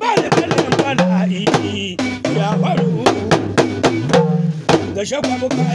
bani kanin bala'i ya faru da shakwa muka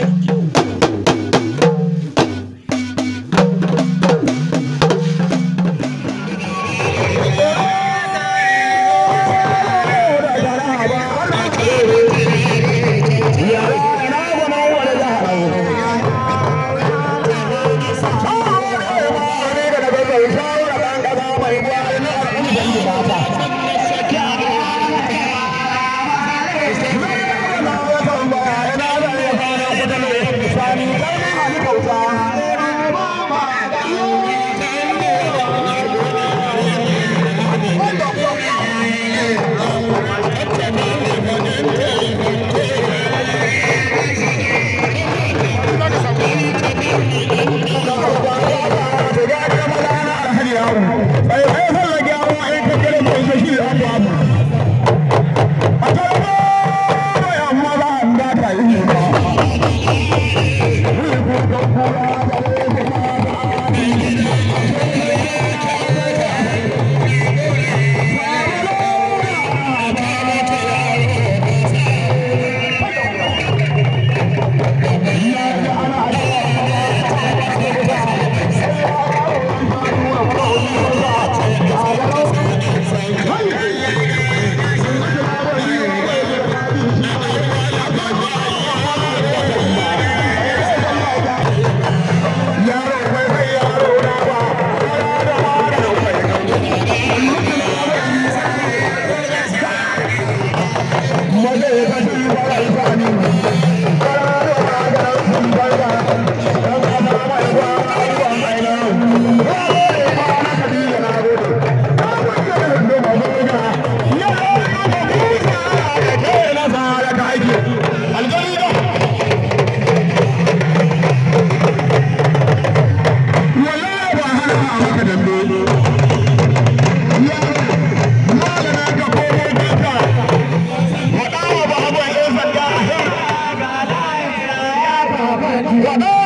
jugador.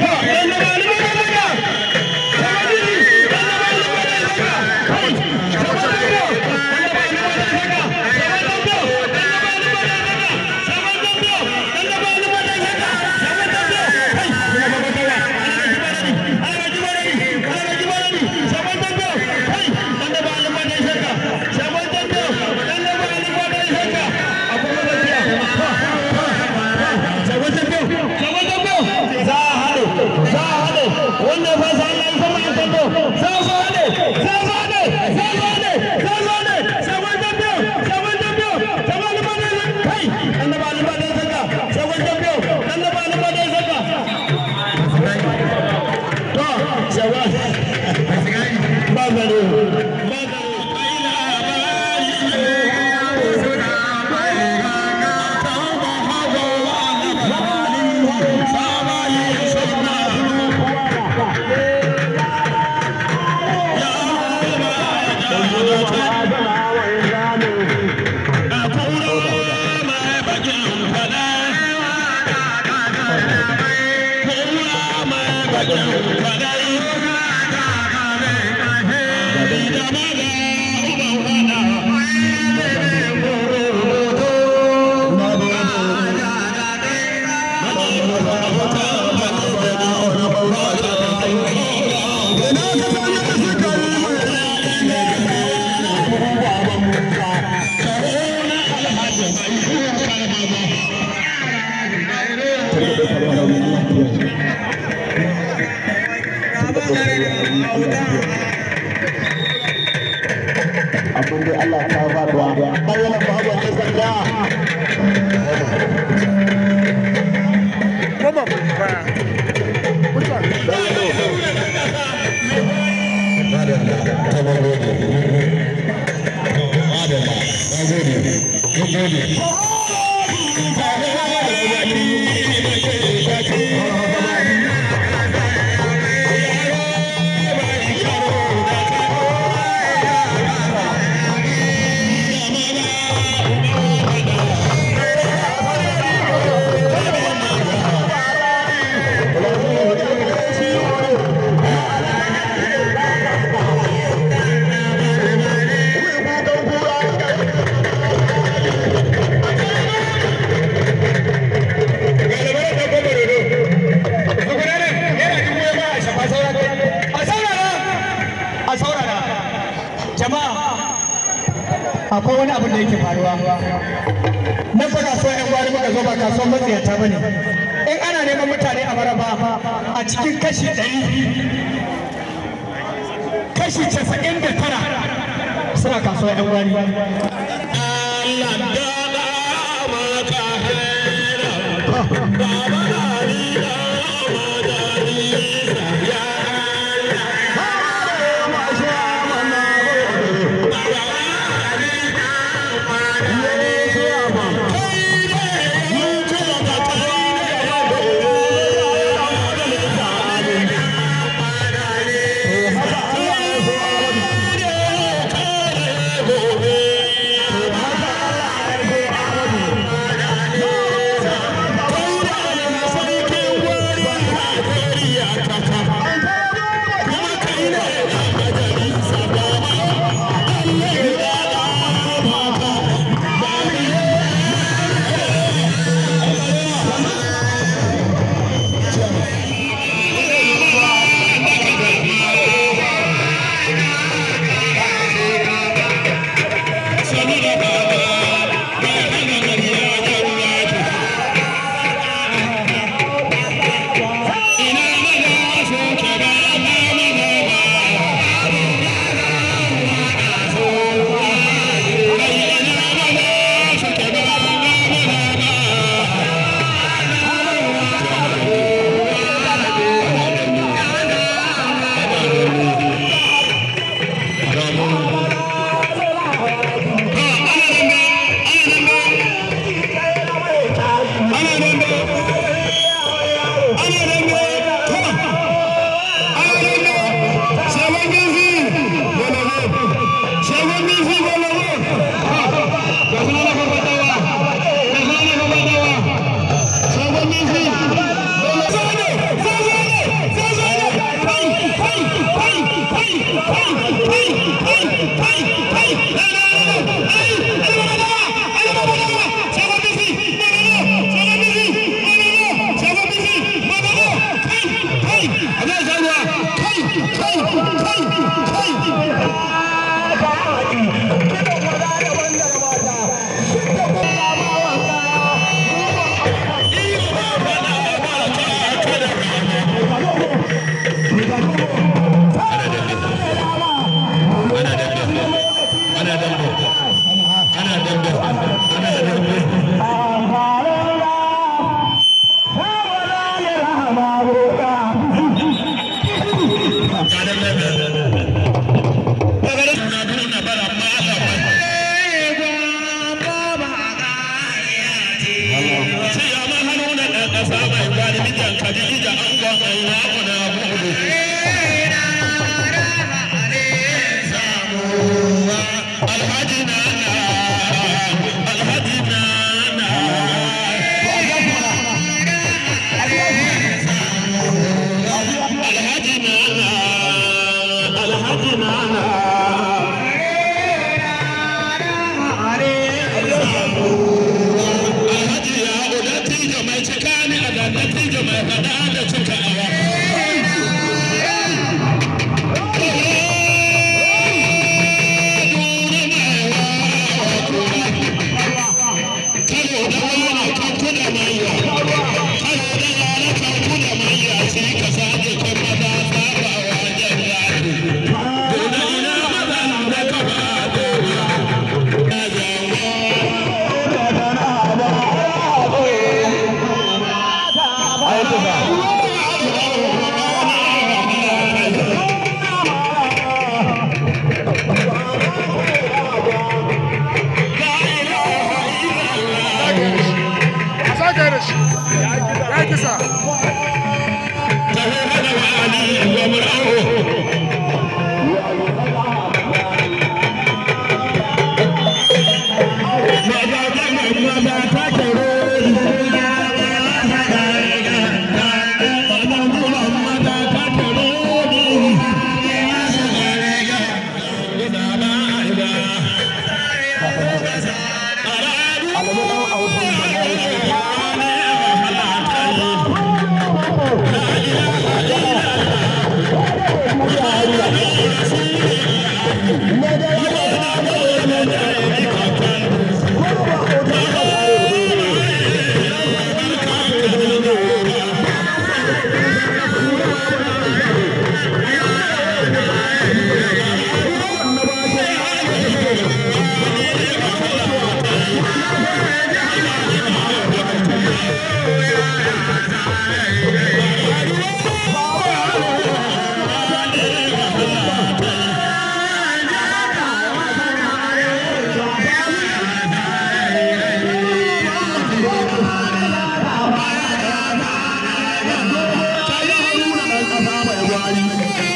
Yeah. Thank you. kasuwa yan wari Thank you, sir. Thank you.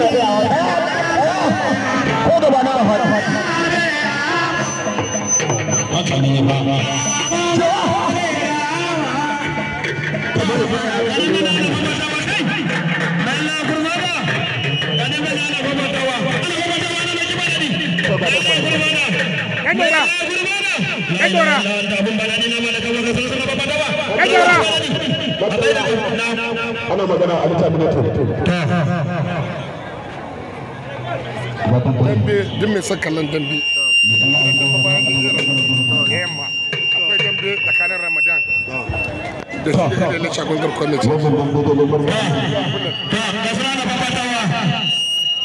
mai iya wa ko gaba na dambe duk mai son kallon dambe yamma akwai dambe tsakanin ramadan ah. da da shagon garkon na mai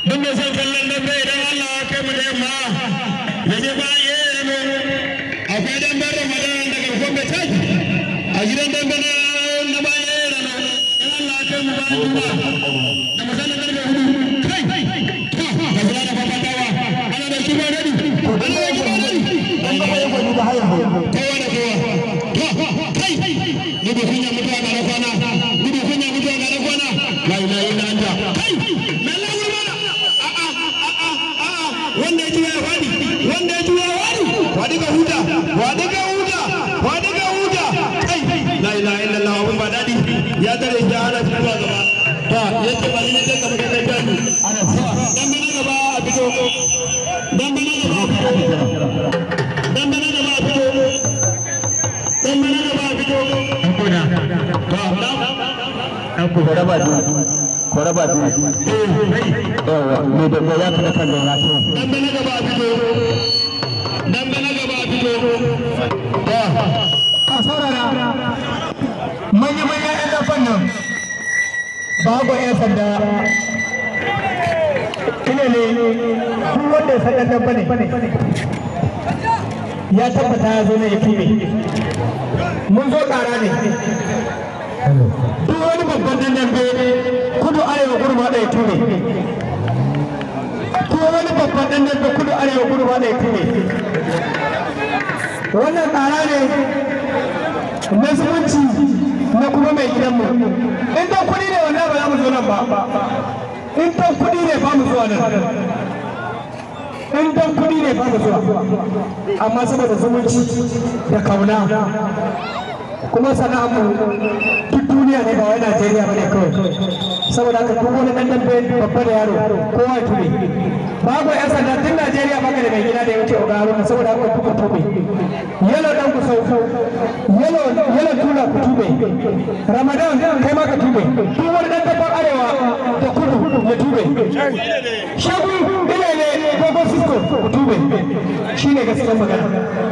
dambe idan allah ya kai mu da yamma akwai dambe ramadan da garkon a gidan dambe na bayan allah ya kai mu da Kai wani kowa. Kai, ni bi hanyar mutane ku raba biyu ku raba biyu yawa mai sanda ina ne ya ya tabbata ya zo ne ya fi mun zo ƙara ne babban dan dambe kudu arewa kudu ma ɗaya tune ko wani babban dan dambe kudu arewa kudu ma ɗaya tune wannan tsara ne na zumunci na kuma mai gidanmu in dan kudi ne wannan ba za mu zo nan ba in dan kudi ne ba mu zuwa nan in dan kudi ne ba mu zuwa amma saboda zumunci da kauna kuma sana'ar mu duk duniya ne ba wai Najeriya ba ne kawai saboda haka wani dan dambe babba da yaro kowa tuni babu yan sanda tun Najeriya baka da mai gida da ya wuce Oga Haruna saboda haka duka tube yalo ɗan ku sauko yalo yalo tuna ku tube Ramadan kai ma ka tube duk wani dan dabbar arewa da kudu ya tube shagu bilele ko Sisko ku tube shine gaskiyar magana